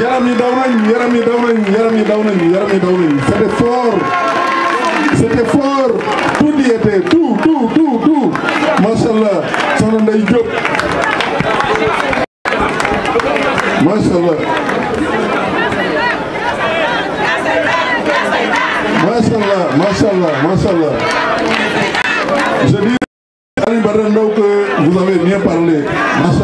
yaram yi daw nañ yaram yi daw nañ yaram yi daw nañ yaram yi daw nañ c'était fort c'était fort tout y était tout tout tout tout macha allah soxna Ndeye Diop macha allah macha allah macha allah macha allah je dis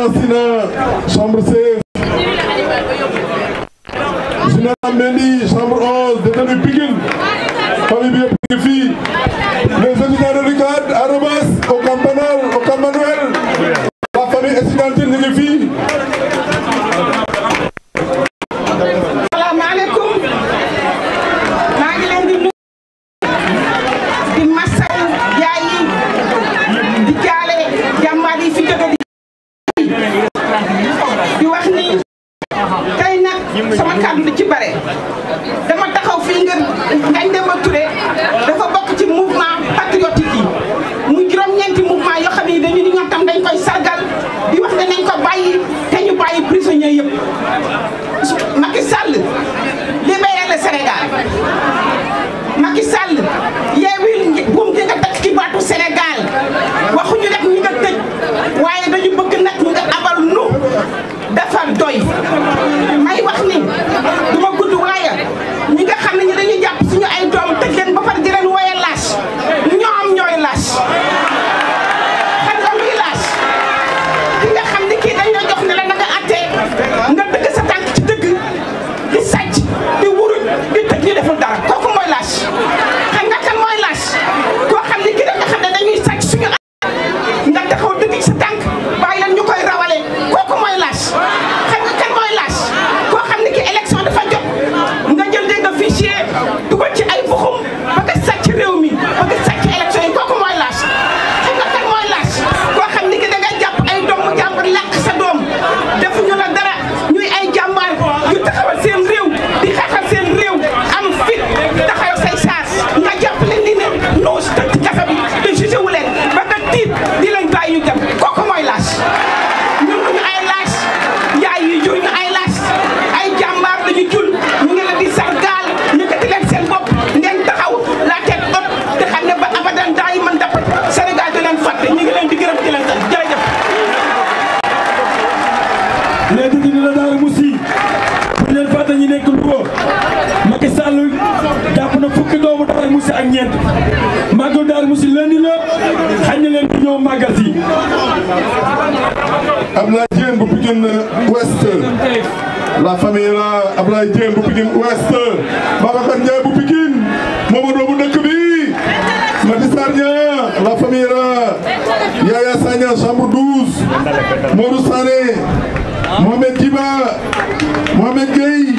Sina chambre 16. Sina Mendy chambre 11 détenu Pikine famille bi yëpp sama kàddu di ci bare dama taxaw fii nga Ngagne Demba Touré dafa bokk ci mouvement patriotique yi muy juróom-ñeenti mouvement yoo xam ne dañu ni ñoom tam dañ koy sargal di wax ne nañ ko bàyyi te ñu bàyyi prisonnier yëpp Macky Sall libéré le Sénégal Macky Sall yeewil buum gi nga ci baatu Sénégal waxuñu rek ñi nga tëj waaye dañu bëgg nag ñu nga abal nu dafa doy ak ñeent màggal Daaru Muxti lundi la xañ na leen di ñëw màggal si Abdoulaye Diène bu Pikine Ouest la famille la Abdoulaye Diène bu Pikine Ouest Babacar Ndiaye bu Pikine Mamadou bu dëkk bi Mati Sarnia la famille la Yaya Sagna chambre 12 Modou Sané Mohamed Diba Mohamed Gueye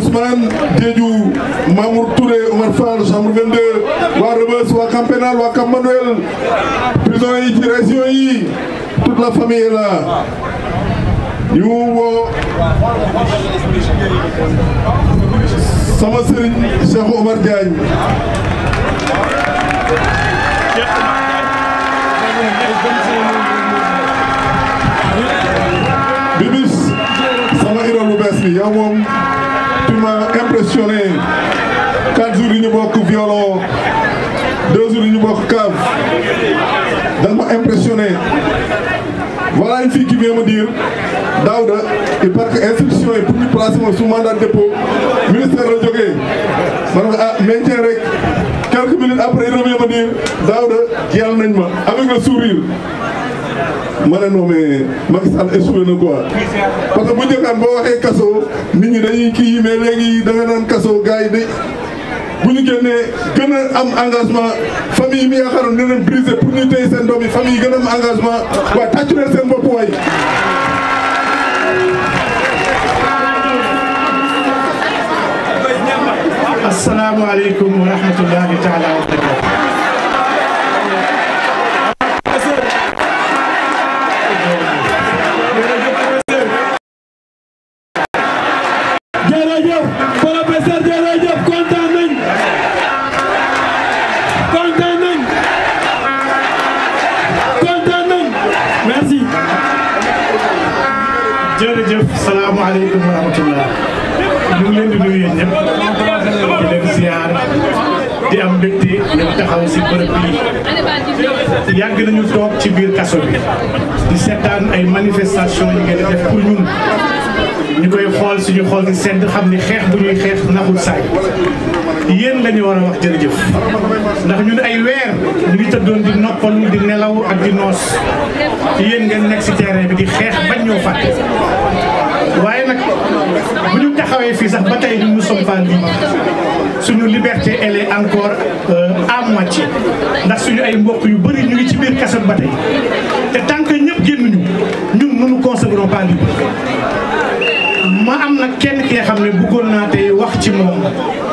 Ousmane Diédiou Mamour Touré Omar Fall chambre 22 waa Rebeuss waa Camp Pénal waa Cap Manuel prison yi ci région yi toute la famille est là ñu woo sama sëriñ Cheikh Omar Diagne bibis sama idole bu bees bi yaa moom questionné quatre jours yi ñu bokk violon deux jours yi ñu bokk cave dañ ma impressionné voilà une fille qui vient me dire Daouda il que instruction yi pour ñu ma sous mandat de dépôt ministère la jógee ma ne ko ah maintien rek quelques minutes après il revient me nañ ma avec le sourire ma ne non mais Macky Sall échoué parce que bu njëkkaan boo waxee kaso nit ñi dañuy kii mais léegi da nga naan kaso gars yi bu ñu génnee am engagement famille yi mi yaakaaroon ne leen brisé ñu tey seen doom yi famille yi gën a am engagement waaye tàccu leen seen bopp waay. wa rahmatullahi jërëjëf salaamaaleykum wa rahmatullah ñu ngi leen di nuyu yéen ñëpp di leen ziar di am mbégte ñu taxaw si bërëb bii yàgg nañu toog ci biir kaso bi. di seetaan ay manifestation yi ngeen def pour ñun ñu koy xool suñu xool di sedd xam ni xeex bu ñuy xeex naxul saay yéen la ñu war a wax jërëjëf ndax ñun ay weer ñu ngi tëddoon di noppalu di nelaw ak di noos yéen ngeen nekk si terrain bi di xeex bañ ñoo fàtte waaye nag bu ñu taxawee fii sax ba tey ñun nous sommes pas libres suñu liberté elle est encore euh, à ci ndax suñu ay mbokk yu bari ñu ngi ci biir kaso ba tey seront pas ma am nag kenn ki xam ne bëggoon naa tey wax ci moom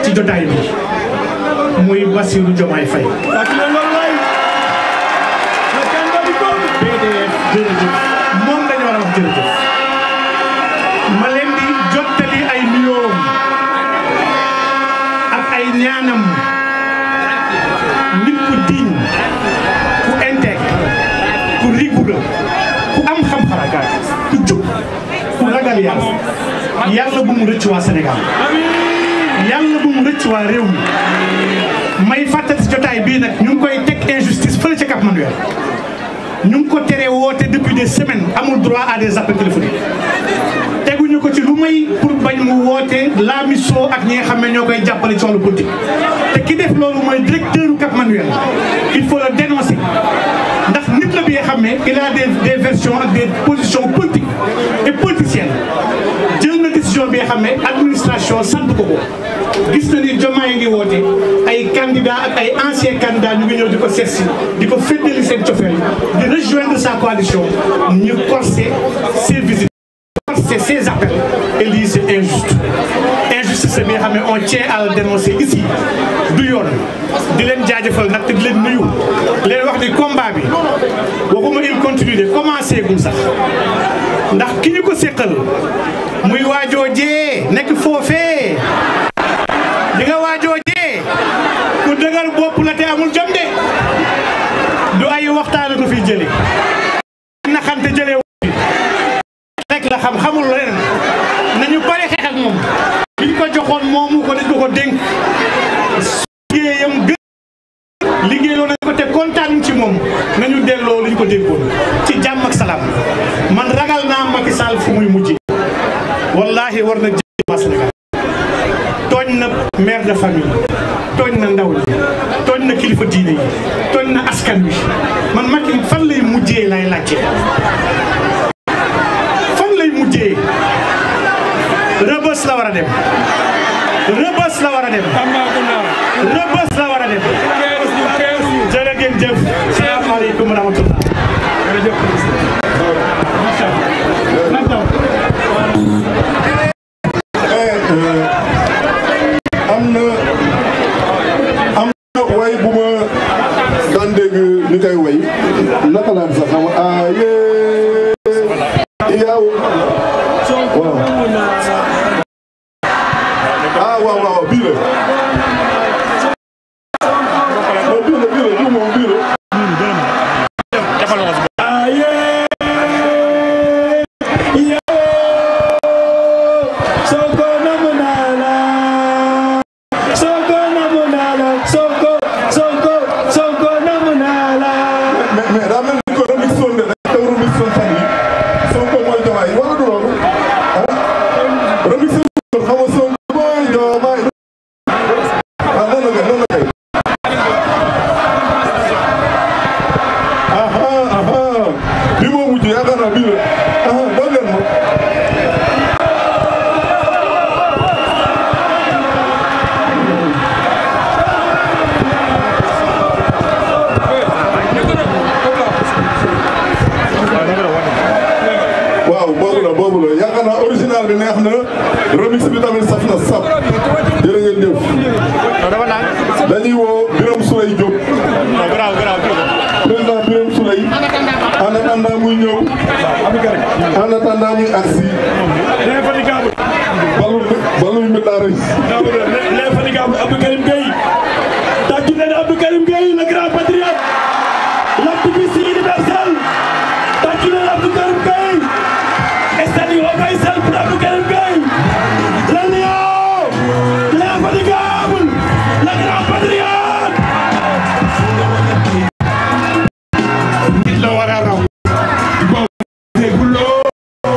ci jotaay bi muy Bassirou Diomaye Faye. a ma leen di jottali ay nuyoom ak ay ñaanam nit ku digne ku intègre ku rigoureux màggalu yàlla yàlla bu mu waa Sénégal yàlla bu mu rëcc waa réew mi may fàttali si jotaay bii nag ñu ngi koy teg injustice fële ca Cap Manuel ñu ngi ko teree woote depuis des semaine amul droit à des appels téléphoniques teguñu ko ci lu may pour bañ mu woote la mission ak ñi nga xam ne ñoo koy jàppale ci wàllu te ki def loolu mooy directeur Cap Manuel il faut la dénoncer ne il a des des versions ak des positions politiques et politiciennes jël na décision bi nga xam ne administration sant ko ko gis na ni Diomaye ngi woote ay candidats ak ay anciens candidats ñu ngi ñëw di ko seet si di ko féddali seen cofeel di rejoindre sa coalition ñu corser ses visites corser ses appels et lii c'est injuste injustice bi xam ne on tient à le dénoncer ici du yoon di leen jaajëfal nag te di leen nuyu leen wax ni combat bi continuer commencé gum sax ndax ki ñu ko séqal muy waajoo nekk foofee di nga mu jee ku dëgër bopp la te amul jom de du ay waxtaana fi jële naxante jële bi rek la xam xamul leneen nañu pare xeex ak moom biñ ko joxoon moomu ko dañ ko ko dénk liggéeyoon nañ ko te kontaan ci moom nañu delloo liñ ko déggoon wallaahi war na jël waa Sénégal tooñ na mère de famille tooñ na ndaw ñi tooñ na kilifa diine yi tooñ na askan wi man Macky fan lay mujjee lay laajte fan lay mujjee rëbës la war a dem rëbës la war la war a dem waaw waaw waaw bii la ngeen jëf.